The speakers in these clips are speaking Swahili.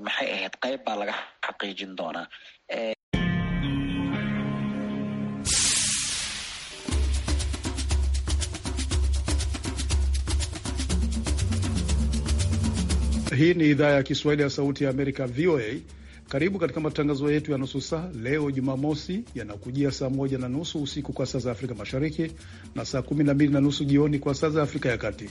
maxay ahayd qayb baa laga xaqiijin doonaa. Eh, hii ni idhaa ya Kiswahili ya Sauti ya Amerika, VOA. Karibu katika matangazo yetu ya nusu saa leo Jumamosi, yanakujia saa moja na nusu usiku kwa saa za Afrika Mashariki na saa kumi na mbili na nusu jioni kwa saa za Afrika ya Kati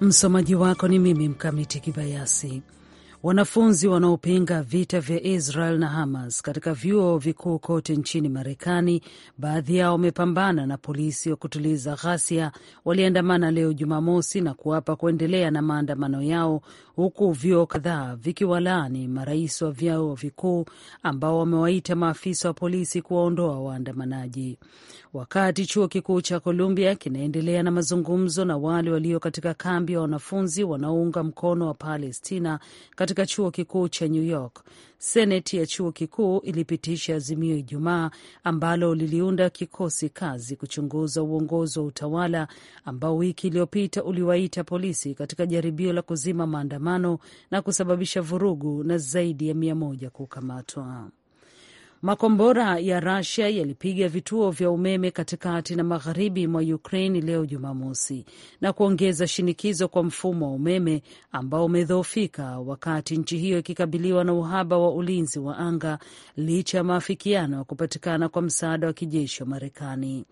Msomaji wako ni mimi Mkamiti Kibayasi. Wanafunzi wanaopinga vita vya Israel na Hamas katika vyuo vikuu kote nchini Marekani, baadhi yao wamepambana na polisi wa kutuliza ghasia, waliandamana leo Jumamosi na kuapa kuendelea na maandamano yao, huku vyuo kadhaa vikiwalaani marais wa vyuo vikuu ambao wamewaita maafisa wa polisi kuwaondoa waandamanaji. Wakati chuo kikuu cha Columbia kinaendelea na mazungumzo na wale walio katika kambi ya wanafunzi wanaounga mkono wa Palestina katika katika chuo kikuu cha New York. Seneti ya chuo kikuu ilipitisha azimio Ijumaa ambalo liliunda kikosi kazi kuchunguza uongozi wa utawala ambao wiki iliyopita uliwaita polisi katika jaribio la kuzima maandamano na kusababisha vurugu na zaidi ya mia moja kukamatwa. Makombora ya rasia yalipiga vituo vya umeme katikati na magharibi mwa Ukraine leo Jumamosi na kuongeza shinikizo kwa mfumo wa umeme ambao umedhoofika, wakati nchi hiyo ikikabiliwa na uhaba wa ulinzi wa anga licha ya maafikiano ya kupatikana kwa msaada wa kijeshi wa Marekani.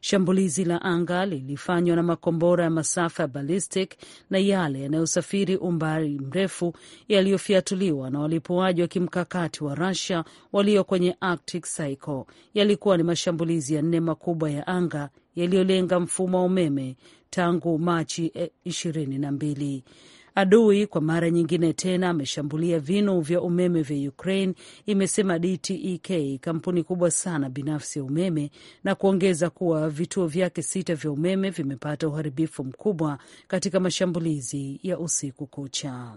Shambulizi la anga lilifanywa na makombora ya masafa ya ballistic na yale yanayosafiri umbali mrefu yaliyofiatuliwa na walipuaji wa kimkakati wa rasia walio kwenye Arctic Circle yalikuwa ni mashambulizi ya nne makubwa ya anga yaliyolenga mfumo wa umeme tangu Machi eh, mbili. Adui kwa mara nyingine tena ameshambulia vinu vya umeme vya Ukraine, imesema DTEK, kampuni kubwa sana binafsi ya umeme, na kuongeza kuwa vituo vyake sita vya umeme vimepata uharibifu mkubwa katika mashambulizi ya usiku kucha.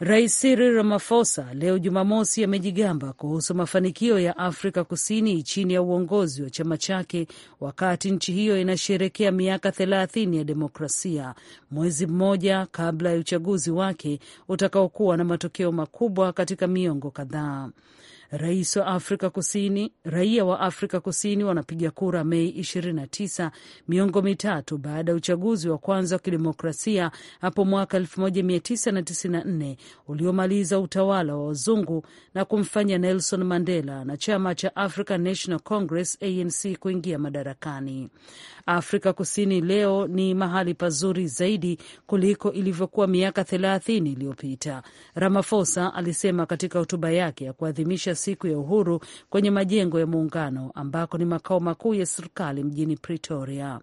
Rais Cyril Ramaphosa leo Jumamosi amejigamba kuhusu mafanikio ya Afrika Kusini chini ya uongozi wa chama chake, wakati nchi hiyo inasherekea miaka thelathini ya demokrasia, mwezi mmoja kabla ya uchaguzi wake utakaokuwa na matokeo makubwa katika miongo kadhaa. Rais wa Afrika Kusini, raia wa Afrika Kusini wanapiga kura Mei 29 miongo mitatu baada ya uchaguzi wa kwanza wa kidemokrasia hapo mwaka 1994 uliomaliza utawala wa wazungu na kumfanya Nelson Mandela na chama cha African National Congress ANC kuingia madarakani. Afrika Kusini leo ni mahali pazuri zaidi kuliko ilivyokuwa miaka 30 iliyopita, Ramaphosa alisema katika hotuba yake ya kuadhimisha siku ya uhuru kwenye majengo ya muungano ambako ni makao makuu ya serikali mjini Pretoria.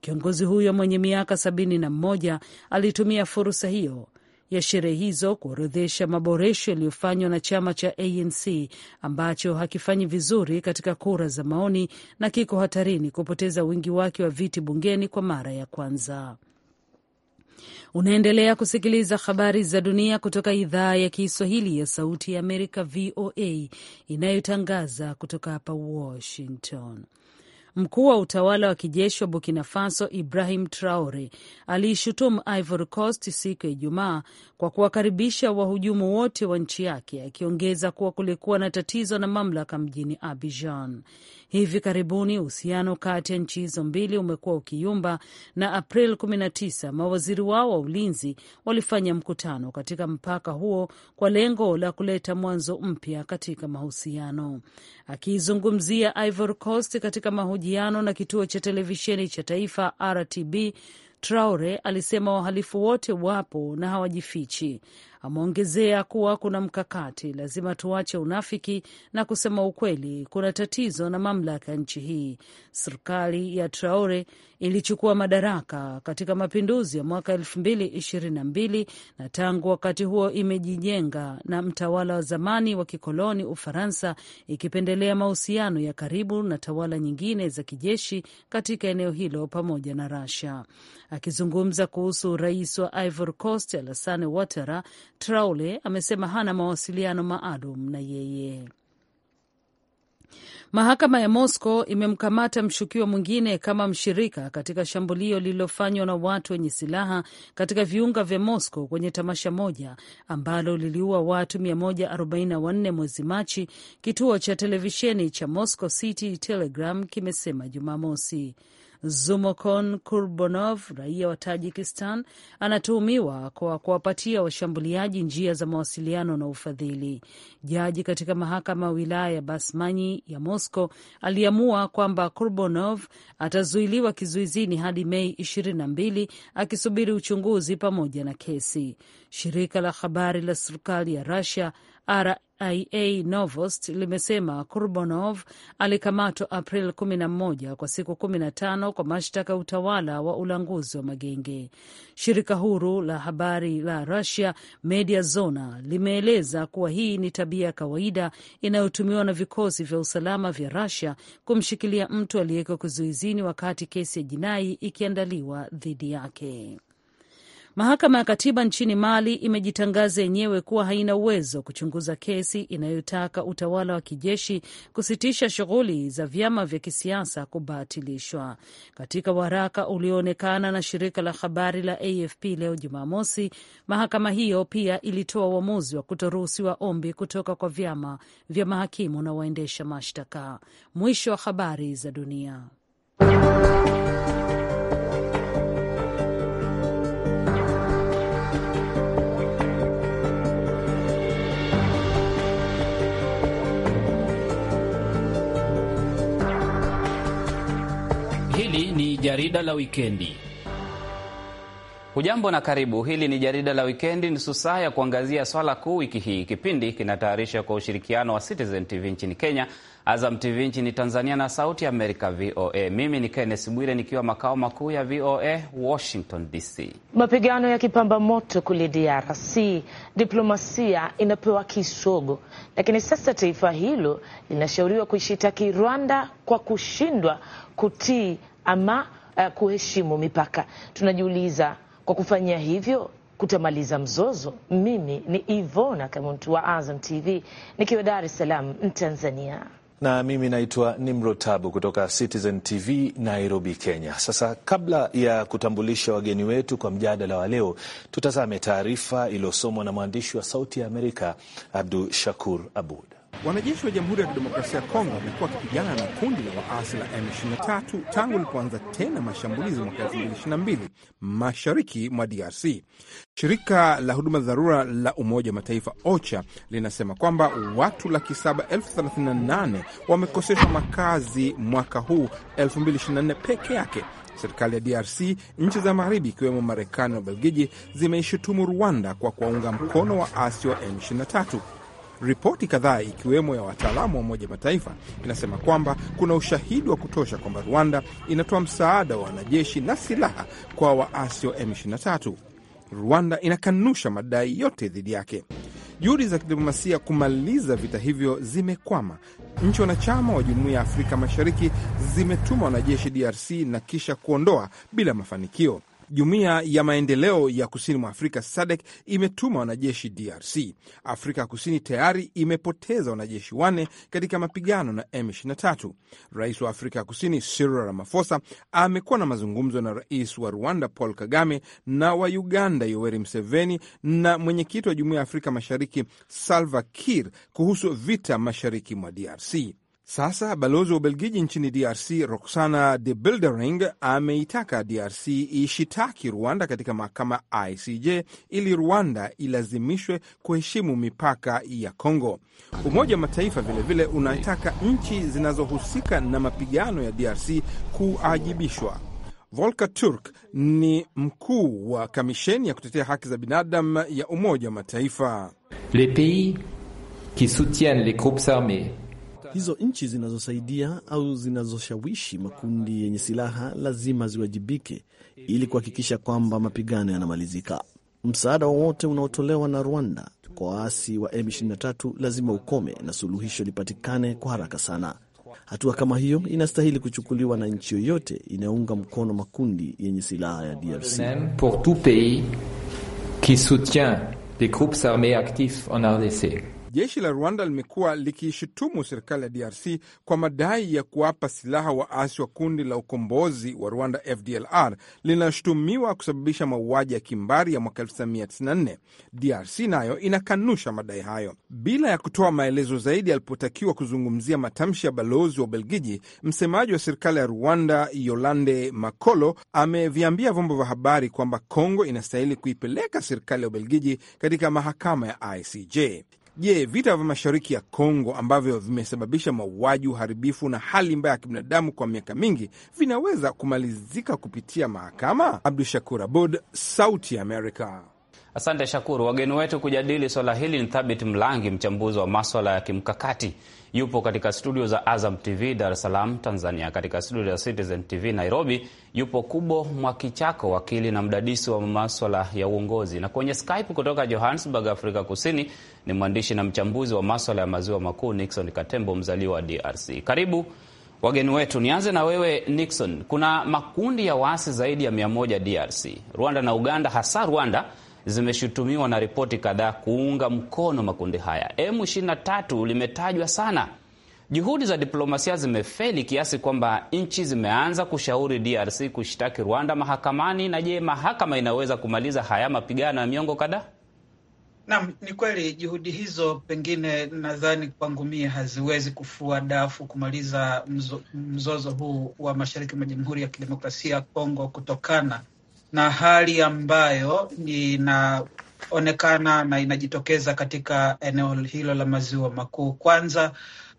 Kiongozi huyo mwenye miaka sabini na mmoja alitumia fursa hiyo ya sherehe hizo kuorodhesha maboresho yaliyofanywa na chama cha ANC ambacho hakifanyi vizuri katika kura za maoni na kiko hatarini kupoteza wingi wake wa viti bungeni kwa mara ya kwanza. Unaendelea kusikiliza habari za dunia kutoka idhaa ya Kiswahili ya Sauti ya Amerika, VOA, inayotangaza kutoka hapa Washington. Mkuu wa utawala wa kijeshi wa Burkina Faso Ibrahim Traore aliishutumu Ivory Coast siku ya Ijumaa kwa kuwakaribisha wahujumu wote wa nchi yake, akiongeza kuwa kulikuwa na tatizo na mamlaka mjini Abidjan. Hivi karibuni uhusiano kati ya nchi hizo mbili umekuwa ukiyumba, na April 19 mawaziri wao wa ulinzi walifanya mkutano katika mpaka huo kwa lengo la kuleta mwanzo mpya katika mahusiano. Akiizungumzia Ivory Coast katika mahojiano na kituo cha televisheni cha taifa RTB, Traore alisema wahalifu wote wapo na hawajifichi. Ameongezea kuwa kuna mkakati, lazima tuache unafiki na kusema ukweli. Kuna tatizo na mamlaka ya nchi hii. Serikali ya Traore ilichukua madaraka katika mapinduzi ya mwaka elfu mbili ishirini na mbili na tangu wakati huo imejijenga na mtawala wa zamani wa kikoloni Ufaransa, ikipendelea mahusiano ya karibu na tawala nyingine za kijeshi katika eneo hilo pamoja na rasia Akizungumza kuhusu rais wa Ivory Coast Alassane Ouattara Traule amesema hana mawasiliano maalum na yeye. Mahakama ya Moscow imemkamata mshukiwa mwingine kama mshirika katika shambulio lililofanywa na watu wenye silaha katika viunga vya Moscow kwenye tamasha moja ambalo liliua watu 144 mwezi Machi, kituo cha televisheni cha Moscow City Telegram kimesema Jumamosi. Zumokon Kurbonov, raia wa Tajikistan, anatuhumiwa kwa kuwapatia washambuliaji njia za mawasiliano na ufadhili. Jaji katika mahakama ya wilaya ya Basmanyi ya Moscow aliamua kwamba Kurbonov atazuiliwa kizuizini hadi Mei 22 akisubiri uchunguzi pamoja na kesi. Shirika la habari la serikali ya Russia RIA novost limesema kurbonov alikamatwa April 11 kwa siku 15 kwa mashtaka ya utawala wa ulanguzi wa magenge. Shirika huru la habari la Russia Media Zona limeeleza kuwa hii ni tabia ya kawaida inayotumiwa na vikosi vya usalama vya Russia kumshikilia mtu aliyeko kizuizini wakati kesi ya jinai ikiandaliwa dhidi yake. Mahakama ya katiba nchini Mali imejitangaza yenyewe kuwa haina uwezo kuchunguza kesi inayotaka utawala wa kijeshi kusitisha shughuli za vyama vya kisiasa kubatilishwa. Katika waraka ulioonekana na shirika la habari la AFP leo Jumamosi, mahakama hiyo pia ilitoa uamuzi wa kutoruhusiwa ombi kutoka kwa vyama vya mahakimu na waendesha mashtaka. Mwisho wa habari za dunia. ni jarida la wikendi. Hujambo na karibu. Hili ni jarida la wikendi, nusu saa ya kuangazia swala kuu wiki hii. Kipindi kinatayarishwa kwa ushirikiano wa Citizen TV nchini Kenya, Azam TV nchini Tanzania na Sauti ya Amerika VOA. Mimi ni kennes Bwire nikiwa makao makuu ya VOA Washington DC. Mapigano ya kipamba moto kule DRC, diplomasia inapewa kisogo, lakini sasa taifa hilo linashauriwa kuishitaki Rwanda kwa kushindwa kutii ama uh, kuheshimu mipaka. Tunajiuliza, kwa kufanyia hivyo kutamaliza mzozo? Mimi ni Ivona Kamuntu wa Azam TV nikiwa Dar es Salaam, Tanzania na mimi naitwa Nimro Tabu kutoka Citizen TV Nairobi, Kenya. Sasa kabla ya kutambulisha wageni wetu kwa mjadala wa leo, tutazame taarifa iliyosomwa na mwandishi wa Sauti ya Amerika Abdu Shakur Abud. Wanajeshi wa Jamhuri ya Kidemokrasia ya Kongo wamekuwa wakipigana na kundi la waasi la M23 tangu ilipoanza tena mashambulizi mwaka 2022 mashariki mwa DRC. Shirika la huduma dharura la Umoja wa Mataifa OCHA linasema kwamba watu laki 738 wamekoseshwa makazi mwaka huu 2024 peke yake. Serikali ya DRC, nchi za magharibi ikiwemo Marekani na Ubelgiji zimeishutumu Rwanda kwa kuwaunga mkono waasi wa M23. Ripoti kadhaa ikiwemo ya wataalamu wa Umoja Mataifa inasema kwamba kuna ushahidi wa kutosha kwamba Rwanda inatoa msaada wa wanajeshi na silaha kwa waasi wa M23. Rwanda inakanusha madai yote dhidi yake. Juhudi za kidiplomasia kumaliza vita hivyo zimekwama. Nchi wanachama wa Jumuiya ya Afrika Mashariki zimetuma wanajeshi DRC na kisha kuondoa bila mafanikio. Jumuiya ya maendeleo ya kusini mwa Afrika SADC imetuma wanajeshi DRC. Afrika ya Kusini tayari imepoteza wanajeshi wanne katika mapigano na M23. Rais wa Afrika ya Kusini Cyril Ramaphosa amekuwa na mazungumzo na rais wa Rwanda Paul Kagame na wa Uganda Yoweri Museveni na mwenyekiti wa Jumuiya ya Afrika Mashariki Salva Kiir kuhusu vita mashariki mwa DRC. Sasa balozi wa Ubelgiji nchini DRC Roxana de Bildering ameitaka DRC ishitaki Rwanda katika mahakama ICJ ili Rwanda ilazimishwe kuheshimu mipaka ya congo Umoja wa Mataifa vilevile unataka nchi zinazohusika na mapigano ya DRC kuajibishwa. Volker Turk ni mkuu wa kamisheni ya kutetea haki za binadamu ya Umoja wa Mataifa. les pays qui soutiennent les groupes armes Hizo nchi zinazosaidia au zinazoshawishi makundi yenye silaha lazima ziwajibike ili kuhakikisha kwamba mapigano yanamalizika. Msaada wowote unaotolewa na Rwanda kwa waasi wa M23 lazima ukome na suluhisho lipatikane kwa haraka sana. Hatua kama hiyo inastahili kuchukuliwa na nchi yoyote inayounga mkono makundi yenye silaha ya DRC. Pour tout pays qui soutient des groupes actifs en RDC. Jeshi la Rwanda limekuwa likiishutumu serikali ya DRC kwa madai ya kuwapa silaha waasi wa kundi la ukombozi wa Rwanda, FDLR, linaoshutumiwa kusababisha mauaji ya kimbari ya mwaka 1994. DRC nayo inakanusha madai hayo bila ya kutoa maelezo zaidi. Alipotakiwa kuzungumzia matamshi ya balozi wa Ubelgiji, msemaji wa serikali ya Rwanda Yolande Makolo ameviambia vyombo vya habari kwamba Kongo inastahili kuipeleka serikali ya Ubelgiji katika mahakama ya ICJ. Je, vita vya mashariki ya Kongo ambavyo vimesababisha mauaji, uharibifu na hali mbaya ya kibinadamu kwa miaka mingi vinaweza kumalizika kupitia mahakama? Abdu Shakur Abud, Sauti ya Amerika. Asante Shakuru. Wageni wetu kujadili swala hili ni Thabit Mlangi, mchambuzi wa maswala ya kimkakati yupo katika studio za Azam TV Dar es Salaam, Tanzania. Katika studio za Citizen TV Nairobi yupo Kubo Mwakichako, wakili na mdadisi wa maswala ya uongozi, na kwenye Skype kutoka Johannesburg, Afrika Kusini ni mwandishi na mchambuzi wa maswala ya maziwa makuu Nixon Katembo, mzaliwa wa DRC. Karibu wageni wetu. Nianze na wewe Nixon, kuna makundi ya waasi zaidi ya mia moja DRC, Rwanda na Uganda, hasa Rwanda zimeshutumiwa na ripoti kadhaa kuunga mkono makundi haya. M23 limetajwa sana. Juhudi za diplomasia zimefeli kiasi kwamba nchi zimeanza kushauri DRC kushtaki Rwanda mahakamani. Na je, mahakama inaweza kumaliza haya mapigano ya miongo kadhaa? Naam, ni kweli juhudi hizo pengine, nadhani kwangu mie, haziwezi kufua dafu kumaliza mzo, mzozo huu wa mashariki mwa Jamhuri ya Kidemokrasia ya Kongo kutokana na hali ambayo inaonekana na inajitokeza katika eneo hilo la maziwa makuu. Kwanza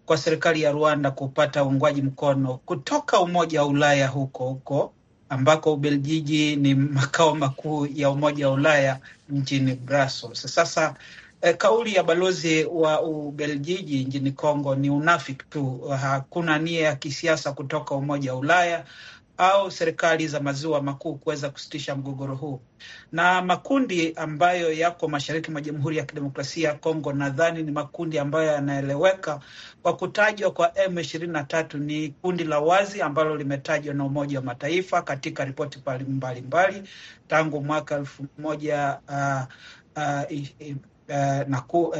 kwa serikali ya Rwanda kupata uungwaji mkono kutoka Umoja wa Ulaya huko huko ambako Ubelgiji ni makao makuu ya Umoja wa Ulaya mjini Brussels. Sasa eh, kauli ya balozi wa Ubelgiji nchini congo ni unafiki tu. Hakuna nia ya kisiasa kutoka Umoja wa Ulaya au serikali za maziwa makuu kuweza kusitisha mgogoro huu. Na makundi ambayo yako mashariki mwa Jamhuri ya Kidemokrasia ya Kongo, nadhani ni makundi ambayo yanaeleweka kwa kutajwa kwa M23. Ni kundi la wazi ambalo limetajwa na Umoja wa Mataifa katika ripoti mbalimbali tangu mwaka elfu moja uh, uh, uh, uh, na ku, uh,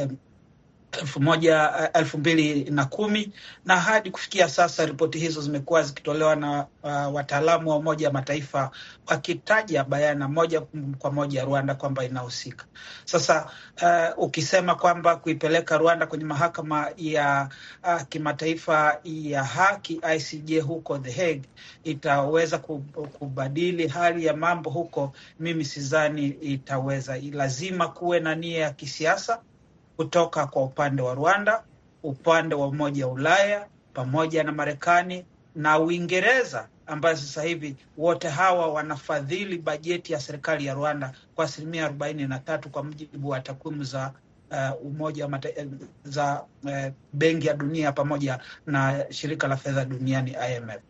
elfu moja eh, elfu mbili na kumi na hadi kufikia sasa ripoti hizo zimekuwa zikitolewa na uh, wataalamu wa Umoja wa Mataifa wakitaja bayana moja kwa moja Rwanda kwamba inahusika. Sasa uh, ukisema kwamba kuipeleka Rwanda kwenye mahakama ya uh, kimataifa ya haki ICJ huko The Hague itaweza kubadili hali ya mambo huko, mimi sidhani itaweza. Lazima kuwe na nia ya kisiasa kutoka kwa upande wa Rwanda, upande wa Umoja wa Ulaya pamoja na Marekani na Uingereza ambayo sasa hivi wote hawa wanafadhili bajeti ya serikali ya Rwanda kwa asilimia arobaini na tatu kwa mujibu wa takwimu za uh, umoja wa za uh, Benki ya Dunia pamoja na shirika la fedha duniani IMF.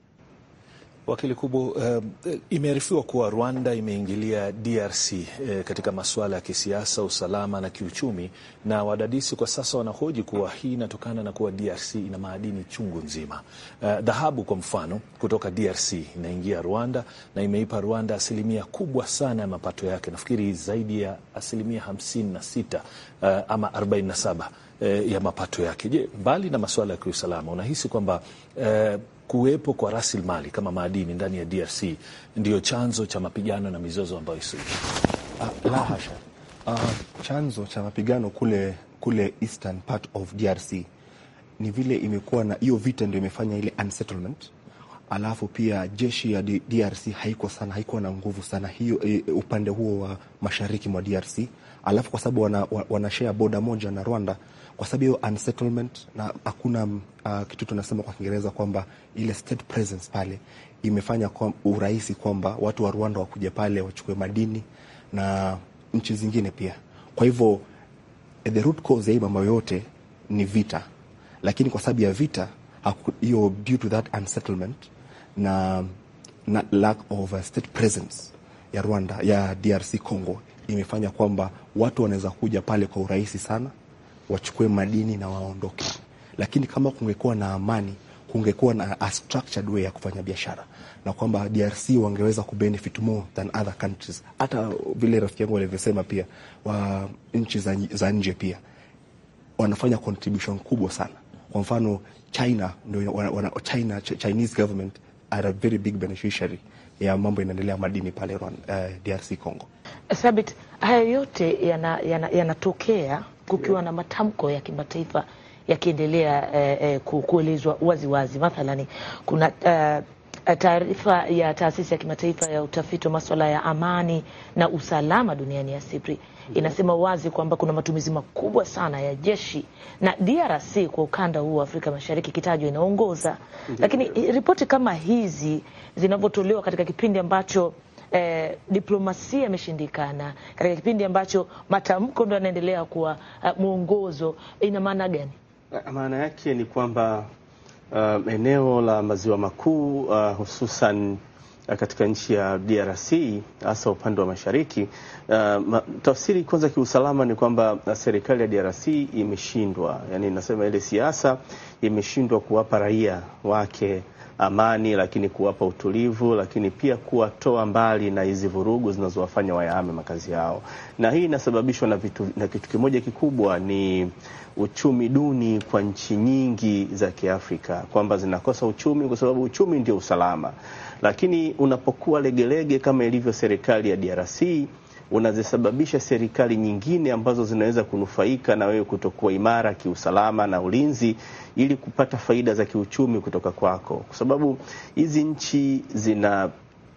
Wakili Kubo, uh, eh, imearifiwa kuwa Rwanda imeingilia DRC uh, eh, katika masuala ya kisiasa, usalama na kiuchumi, na wadadisi kwa sasa wanahoji kuwa hii inatokana na kuwa DRC ina madini chungu nzima. Eh, dhahabu uh, kwa mfano kutoka DRC inaingia Rwanda na imeipa Rwanda asilimia kubwa sana ya mapato yake, nafikiri zaidi ya asilimia hamsini na sita uh, ama arobaini na saba ya mapato yake. Je, mbali na masuala ya kiusalama, unahisi kwamba eh, kuwepo kwa rasilimali kama madini ndani ya DRC ndiyo chanzo cha mapigano na mizozo ambayo isi uh, ah, la hasha. Uh, chanzo cha mapigano kule, kule eastern part of DRC ni vile imekuwa na hiyo vita ndio imefanya ile unsettlement alafu pia jeshi ya DRC haiko sana haikuwa na nguvu sana hiyo e, upande huo wa mashariki mwa DRC alafu kwa sababu wana, wana share boda moja na Rwanda, kwa sababu hiyo unsettlement na hakuna uh, kitu tunasema kwa Kiingereza kwamba ile state presence pale imefanya kwa urahisi kwamba watu wa Rwanda wakuja pale wachukue madini na nchi zingine pia. Kwa hivyo the root cause ya hii mambo yote ni vita, lakini kwa sababu ya vita hiyo, due to that unsettlement na, na lack of state presence ya Rwanda ya DRC Congo imefanya kwamba watu wanaweza kuja pale kwa urahisi sana wachukue madini na waondoke. Lakini kama kungekuwa na amani, kungekuwa na a structured way ya kufanya biashara, na kwamba DRC wangeweza kubenefit more than other countries. Hata vile rafiki yangu alivyosema pia wa nchi za, za nje pia wanafanya contribution kubwa sana. Kwa mfano China, China, Chinese government are a very big beneficiary ya mambo inaendelea madini pale uh, eh, DRC Congo. Sabit, haya yote yanatokea yana, yana kukiwa na matamko ya kimataifa yakiendelea eh, eh, kuelezwa waziwazi. Mathalani kuna eh, taarifa ya taasisi ya kimataifa ya utafiti wa masuala ya amani na usalama duniani ya SIPRI mm-hmm. inasema wazi kwamba kuna matumizi makubwa sana ya jeshi na DRC kwa ukanda huu wa Afrika Mashariki kitajwa inaongoza. Mm-hmm. Lakini ripoti kama hizi zinavyotolewa katika kipindi ambacho eh, diplomasia imeshindikana katika kipindi ambacho matamko ndo yanaendelea kuwa uh, mwongozo, ina maana gani? Eh, maana yake ni kwamba uh, eneo la maziwa makuu uh, hususan katika nchi ya DRC hasa upande wa mashariki uh, tafsiri kwanza kiusalama ni kwamba serikali ya DRC imeshindwa, yani nasema ile siasa imeshindwa kuwapa raia wake amani, lakini kuwapa utulivu, lakini pia kuwatoa mbali na hizi vurugu zinazowafanya wayahame makazi yao. Na hii inasababishwa na vitu, na kitu kimoja kikubwa ni uchumi duni kwa nchi nyingi za Kiafrika, kwamba zinakosa uchumi kwa sababu uchumi ndio usalama. Lakini unapokuwa legelege kama ilivyo serikali ya DRC unazisababisha serikali nyingine ambazo zinaweza kunufaika na wewe kutokuwa imara kiusalama na ulinzi, ili kupata faida za kiuchumi kutoka kwako, kwa sababu hizi nchi zina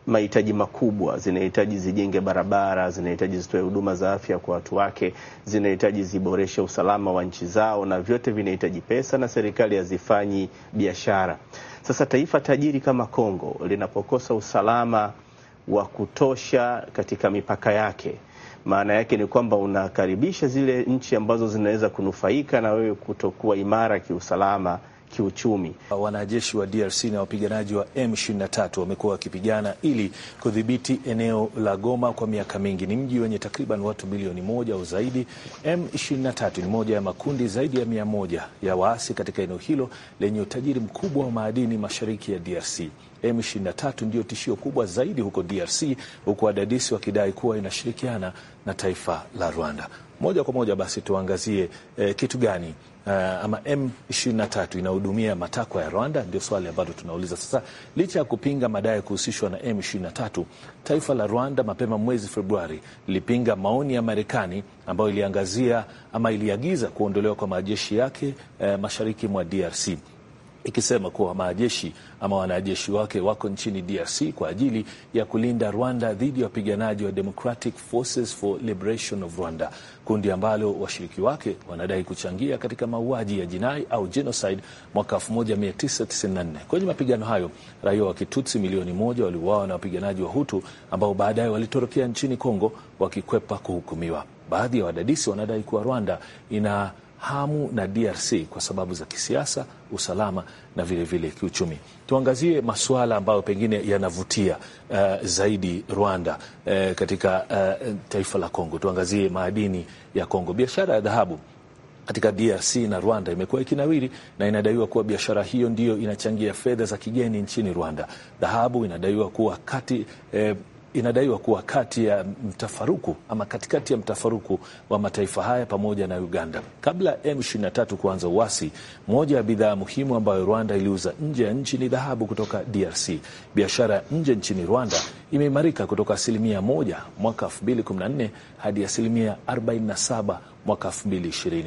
mahitaji makubwa. Zinahitaji zijenge barabara, zinahitaji zitoe huduma za afya kwa watu wake, zinahitaji ziboreshe usalama wa nchi zao, na vyote vinahitaji pesa, na serikali hazifanyi biashara. Sasa taifa tajiri kama Kongo linapokosa usalama wa kutosha katika mipaka yake. Maana yake ni kwamba unakaribisha zile nchi ambazo zinaweza kunufaika na wewe kutokuwa imara kiusalama kiuchumi. Wanajeshi wa DRC na wapiganaji wa M23 wamekuwa wakipigana ili kudhibiti eneo la Goma kwa miaka mingi. Ni mji wenye takriban watu milioni moja au zaidi. M23 ni moja ya makundi zaidi ya mia moja ya waasi katika eneo hilo lenye utajiri mkubwa wa madini mashariki ya DRC. M23 ndiyo tishio kubwa zaidi huko DRC, huku wadadisi wakidai kuwa inashirikiana na taifa la Rwanda. Moja kwa moja basi tuangazie eh, kitu gani uh, ama M23 inahudumia matakwa ya Rwanda? Ndio swali ambalo tunauliza sasa. Licha ya kupinga madai ya kuhusishwa na M23, taifa la Rwanda mapema mwezi Februari lilipinga maoni ya Marekani ambayo iliangazia ama iliagiza kuondolewa kwa majeshi yake uh, mashariki mwa DRC ikisema kuwa majeshi ama wanajeshi wake wako nchini DRC kwa ajili ya kulinda Rwanda dhidi ya wapiganaji wa Democratic Forces for Liberation of Rwanda, kundi ambalo washiriki wake wanadai kuchangia katika mauaji ya jinai au genocide mwaka 1994. Kwenye mapigano hayo raia wa Kitutsi milioni moja waliuawa na wapiganaji wa Hutu ambao baadaye walitorokea nchini Kongo wakikwepa kuhukumiwa. Baadhi ya wadadisi wanadai kuwa Rwanda ina hamu na DRC kwa sababu za kisiasa, usalama na vilevile vile kiuchumi. Tuangazie masuala ambayo pengine yanavutia uh, zaidi Rwanda uh, katika uh, taifa la Kongo. Tuangazie madini ya Kongo, biashara ya dhahabu katika DRC na Rwanda imekuwa ikinawiri na inadaiwa kuwa biashara hiyo ndiyo inachangia fedha za kigeni nchini Rwanda. Dhahabu inadaiwa kuwa kati eh, inadaiwa kuwa kati ya mtafaruku ama katikati ya mtafaruku wa mataifa haya pamoja na Uganda. Kabla M23 kuanza uasi, moja ya bidhaa muhimu ambayo Rwanda iliuza nje ya nchi ni dhahabu kutoka DRC. Biashara ya nje nchini Rwanda imeimarika kutoka asilimia moja mwaka 2014 hadi asilimia 47 mwaka 2020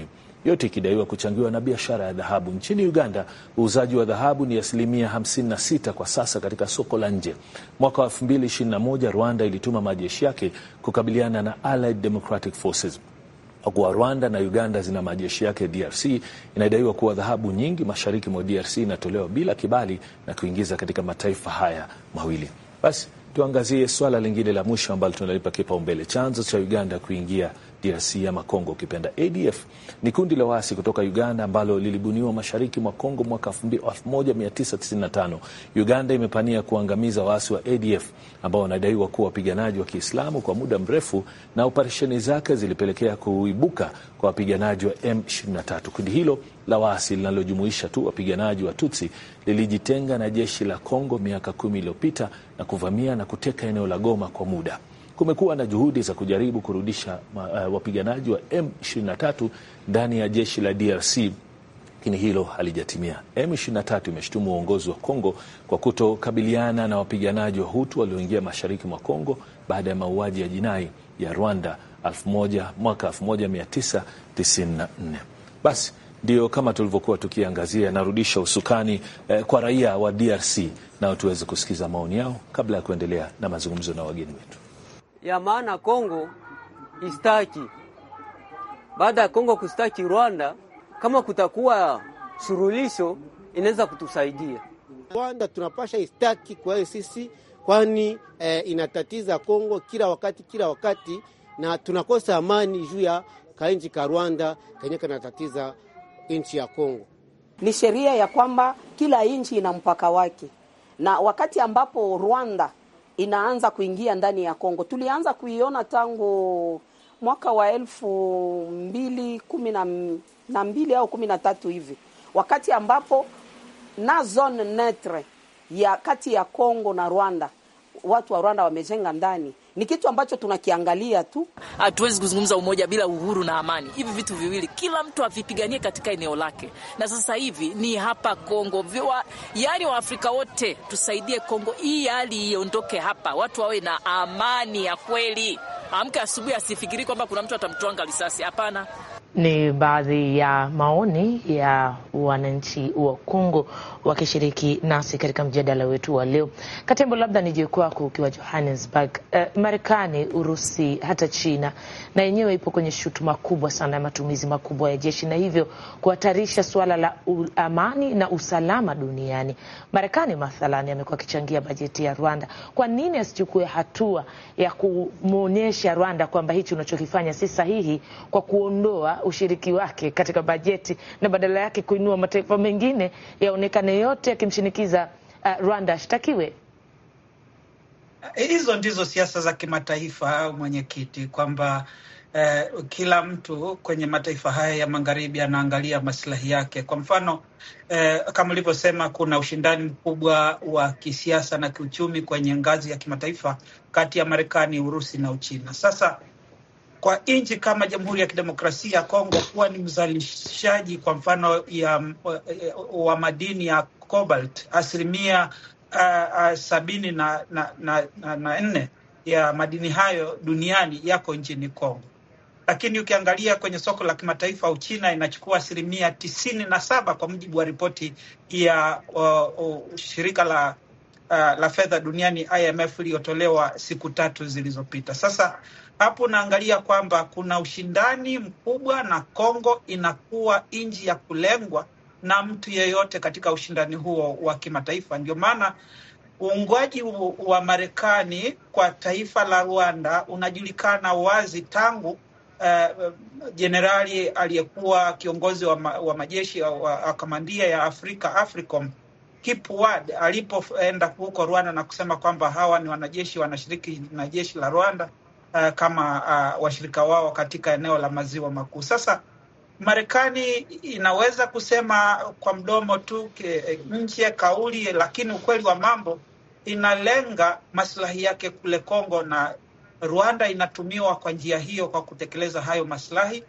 yote ikidaiwa kuchangiwa na biashara ya dhahabu. Nchini Uganda, uuzaji wa dhahabu ni asilimia 56 kwa sasa katika soko la nje. Mwaka wa 2021 Rwanda ilituma majeshi yake kukabiliana na Allied Democratic Forces. Kwa kuwa Rwanda na Uganda zina majeshi yake, DRC inadaiwa kuwa dhahabu nyingi mashariki mwa DRC inatolewa bila kibali na kuingiza katika mataifa haya mawili. Basi tuangazie swala lingine la mwisho ambalo tunalipa kipaumbele, chanzo cha Uganda kuingia DRC ama Congo ukipenda. ADF ni kundi la waasi kutoka Uganda ambalo lilibuniwa mashariki mwa Congo mwaka 1995. Uganda imepania kuangamiza waasi wa ADF ambao wanadaiwa kuwa wapiganaji wa Kiislamu kwa muda mrefu, na operesheni zake zilipelekea kuibuka kwa wapiganaji wa M23. Kundi hilo la waasi linalojumuisha tu wapiganaji wa Tutsi lilijitenga na jeshi la Congo miaka kumi iliyopita na kuvamia na kuteka eneo la Goma kwa muda kumekuwa na juhudi za kujaribu kurudisha uh, wapiganaji wa M23 ndani ya jeshi la DRC lakini hilo halijatimia. M23 imeshutumu uongozi wa Kongo kwa kutokabiliana na wapiganaji wa Hutu walioingia mashariki mwa Kongo baada ya mauaji ya jinai ya Rwanda mwaka 1994. Basi ndio kama tulivyokuwa tukiangazia, narudisha usukani eh, kwa raia wa DRC nao tuweze kusikiza maoni yao kabla ya kuendelea na mazungumzo na wageni wetu ya maana Kongo istaki. Baada ya Kongo kustaki Rwanda, kama kutakuwa suluhisho inaweza kutusaidia. Rwanda tunapasha istaki kwa sisi, kwani e, inatatiza Kongo kila wakati kila wakati, na tunakosa amani juu ya kanchi ka Rwanda kenye kanatatiza nchi ya Kongo. Ni sheria ya kwamba kila nchi ina mpaka wake, na wakati ambapo Rwanda inaanza kuingia ndani ya Kongo. Tulianza kuiona tangu mwaka wa elfu mbili kumi na mbili au kumi na tatu hivi, wakati ambapo na zone netre ya kati ya Kongo na Rwanda, watu wa Rwanda wamejenga ndani ni kitu ambacho tunakiangalia tu. Hatuwezi kuzungumza umoja bila uhuru na amani. Hivi vitu viwili kila mtu avipiganie katika eneo lake, na sasa hivi ni hapa Kongo Viwa, yani Waafrika wote tusaidie Kongo hii hali iondoke hapa, watu wawe na amani ya kweli. Amke asubuhi asifikiri kwamba kuna mtu atamtwanga risasi, hapana. Ni baadhi ya maoni ya wananchi wa Kongo wakishiriki nasi katika mjadala wetu wa leo. Katembo, labda nije kwako ukiwa Johannesburg. Uh, Marekani, Urusi hata China na yenyewe ipo kwenye shutuma kubwa sana ya matumizi makubwa ya jeshi na hivyo kuhatarisha suala la amani na usalama duniani. Marekani mathalani amekuwa akichangia bajeti ya Rwanda. Kwa nini asichukue hatua ya kumwonyesha Rwanda kwamba hichi unachokifanya si sahihi kwa kuondoa ushiriki wake katika bajeti na badala yake kuinua mataifa mengine yaonekane yote yakimshinikiza uh, Rwanda ashtakiwe. Hizo ndizo siasa za kimataifa, mwenyekiti, kwamba eh, kila mtu kwenye mataifa haya ya magharibi anaangalia masilahi yake. Kwa mfano eh, kama ulivyosema, kuna ushindani mkubwa wa kisiasa na kiuchumi kwenye ngazi ya kimataifa kati ya Marekani, Urusi na Uchina. Sasa kwa nchi kama Jamhuri ya Kidemokrasia ya Kongo kuwa ni mzalishaji kwa mfano ya, eh, wa madini ya cobalt asilimia uh, uh, sabini na, na, na, na, na nne ya madini hayo duniani yako nchini Kongo, lakini ukiangalia kwenye soko la kimataifa Uchina inachukua asilimia tisini na saba kwa mujibu wa ripoti ya uh, uh, shirika la uh, la fedha duniani IMF iliyotolewa siku tatu zilizopita. Sasa hapo naangalia kwamba kuna ushindani mkubwa, na Kongo inakuwa nchi ya kulengwa na mtu yeyote katika ushindani huo wa kimataifa. Ndio maana uungwaji wa Marekani kwa taifa la Rwanda unajulikana wazi tangu eh, jenerali aliyekuwa kiongozi wa, ma, wa majeshi wa kamandia ya Afrika AFRICOM Kip Ward alipoenda huko Rwanda na kusema kwamba hawa ni wanajeshi wanashiriki na jeshi la Rwanda uh, kama uh, washirika wao katika eneo la maziwa makuu. Sasa Marekani inaweza kusema kwa mdomo tu nje eh, kauli, lakini ukweli wa mambo inalenga maslahi yake kule Kongo, na Rwanda inatumiwa kwa njia hiyo kwa kutekeleza hayo maslahi.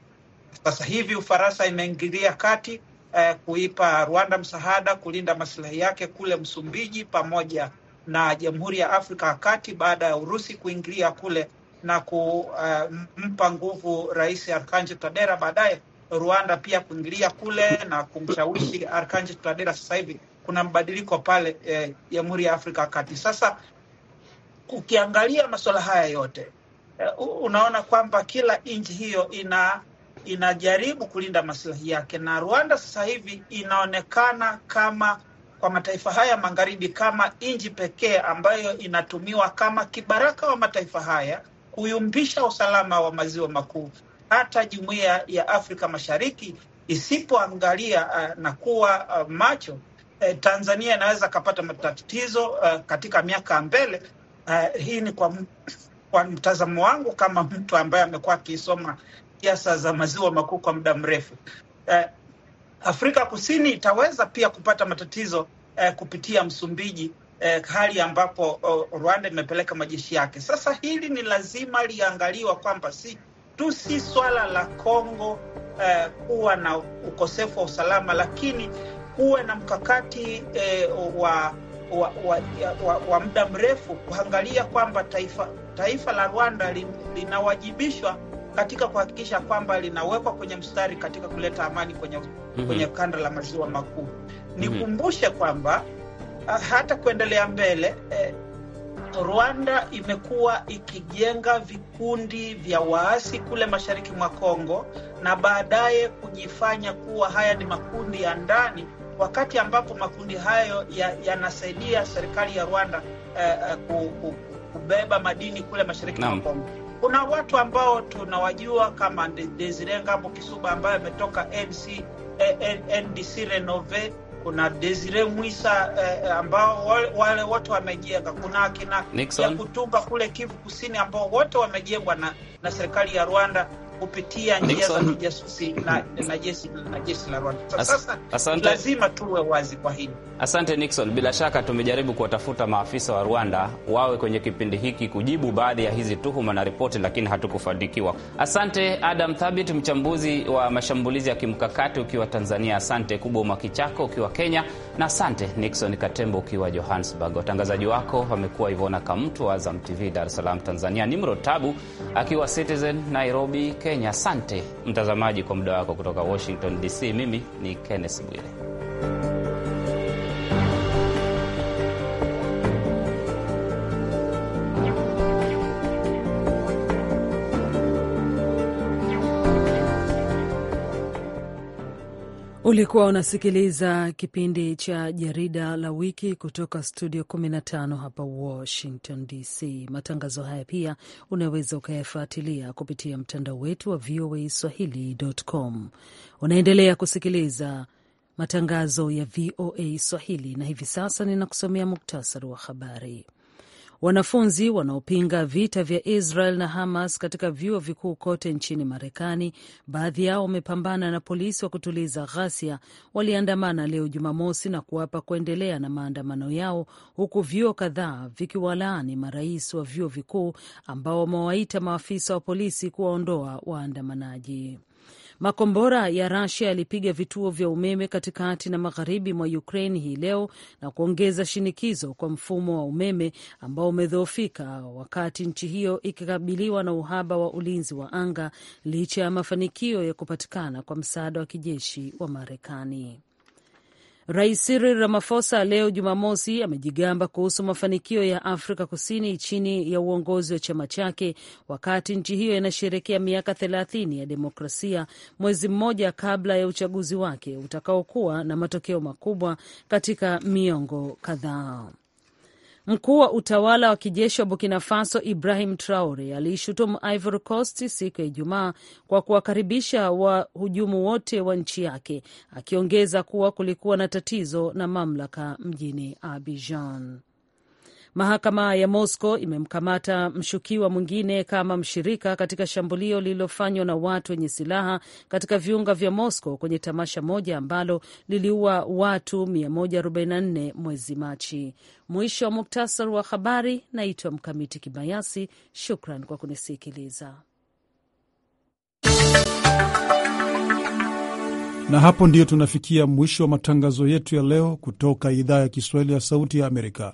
Sasa hivi Ufaransa imeingilia kati eh, kuipa Rwanda msaada kulinda maslahi yake kule Msumbiji pamoja na Jamhuri ya Afrika ya Kati baada ya Urusi kuingilia kule na kumpa uh, nguvu Rais Arkanji Tadera, baadaye Rwanda pia kuingilia kule na kumshawishi Arkanji Tadera. Sasa hivi kuna mabadiliko pale eh, Jamhuri eh, ya Afrika Kati. Sasa ukiangalia masuala haya yote eh, unaona kwamba kila nchi hiyo ina inajaribu kulinda maslahi yake, na Rwanda sasa hivi inaonekana kama kwa mataifa haya magharibi kama nchi pekee ambayo inatumiwa kama kibaraka wa mataifa haya kuyumbisha usalama wa maziwa makuu. Hata jumuiya ya Afrika Mashariki isipoangalia uh, na kuwa uh, macho eh, Tanzania inaweza kapata matatizo uh, katika miaka ya mbele. Uh, hii ni kwa, kwa mtazamo wangu kama mtu ambaye amekuwa akisoma siasa za maziwa makuu kwa muda mrefu. Uh, Afrika Kusini itaweza pia kupata matatizo uh, kupitia Msumbiji eh, hali ambapo oh, Rwanda imepeleka majeshi yake. Sasa hili ni lazima liangaliwa kwamba si tu si swala la Kongo eh, kuwa na ukosefu wa usalama, lakini kuwe na mkakati eh, wa wa, wa, wa, wa muda mrefu kuangalia kwamba taifa taifa la Rwanda linawajibishwa katika kuhakikisha kwamba linawekwa kwenye mstari katika kuleta amani kwenye, mm -hmm. kwenye kanda la maziwa makuu. Mhm. Nikumbushe kwamba Ah, hata kuendelea mbele eh, Rwanda imekuwa ikijenga vikundi vya waasi kule mashariki mwa Kongo na baadaye kujifanya kuwa haya ni makundi ya ndani, wakati ambapo makundi hayo yanasaidia ya serikali ya Rwanda eh, eh, ku, ku, kubeba madini kule mashariki mwa Kongo. Kuna watu ambao tunawajua kama Desire Ngabo Kisuba ambaye ametoka NC, eh, NDC Renove kuna Desire Mwisa eh, eh ambao wale wote wamejenga. Kuna akina ya kutunga kule Kivu Kusini ambao wote wamejengwa na, na serikali ya Rwanda kupitia njia za kijasusi na, na jeshi na jeshi la Rwanda. Sasa As, lazima tuwe wazi kwa hili. Asante Nixon, bila shaka tumejaribu kuwatafuta maafisa wa Rwanda wawe kwenye kipindi hiki kujibu baadhi ya hizi tuhuma na ripoti, lakini hatukufanikiwa. Asante Adam Thabit, mchambuzi wa mashambulizi ya kimkakati ukiwa Tanzania. Asante Kubwa Mwakichako ukiwa Kenya. Na asante Nixon Katembo ukiwa Johannesburg. Watangazaji wako wamekuwa Ivona Kamtu wa Azam TV Dar es Salaam Tanzania, Nimro Tabu akiwa Citizen Nairobi Kenya. Asante mtazamaji kwa muda wako. Kutoka Washington DC, mimi ni Kenneth Bwire. Ulikuwa unasikiliza kipindi cha jarida la wiki kutoka studio 15 hapa Washington DC. Matangazo haya pia unaweza ukayafuatilia kupitia mtandao wetu wa VOA Swahili.com. Unaendelea kusikiliza matangazo ya VOA Swahili na hivi sasa ninakusomea muktasari wa habari. Wanafunzi wanaopinga vita vya Israel na Hamas katika vyuo vikuu kote nchini Marekani, baadhi yao wamepambana na polisi wa kutuliza ghasia, waliandamana leo Jumamosi na kuapa kuendelea na maandamano yao, huku vyuo kadhaa vikiwalaani marais wa vyuo vikuu ambao wamewaita maafisa wa polisi kuwaondoa waandamanaji. Makombora ya Rasia yalipiga vituo vya umeme katikati na magharibi mwa Ukraine hii leo na kuongeza shinikizo kwa mfumo wa umeme ambao umedhoofika, wakati nchi hiyo ikikabiliwa na uhaba wa ulinzi wa anga licha ya mafanikio ya kupatikana kwa msaada wa kijeshi wa Marekani. Rais Cyril Ramaphosa leo Jumamosi amejigamba kuhusu mafanikio ya Afrika Kusini chini ya uongozi wa chama chake, wakati nchi hiyo inasherekea miaka thelathini ya demokrasia, mwezi mmoja kabla ya uchaguzi wake utakaokuwa na matokeo makubwa katika miongo kadhaa. Mkuu wa utawala wa kijeshi wa Burkina Faso Ibrahim Traore aliishutumu Ivory Coast siku ya Ijumaa kwa kuwakaribisha wahujumu wote wa nchi yake, akiongeza kuwa kulikuwa na tatizo na mamlaka mjini Abidjan. Mahakama ya Moscow imemkamata mshukiwa mwingine kama mshirika katika shambulio lililofanywa na watu wenye silaha katika viunga vya Moscow kwenye tamasha moja ambalo liliua watu 144 mwezi Machi. Mwisho wa muktasar wa habari. Naitwa Mkamiti Kibayasi, shukran kwa kunisikiliza. Na hapo ndiyo tunafikia mwisho wa matangazo yetu ya leo kutoka idhaa ya Kiswahili ya Sauti ya Amerika.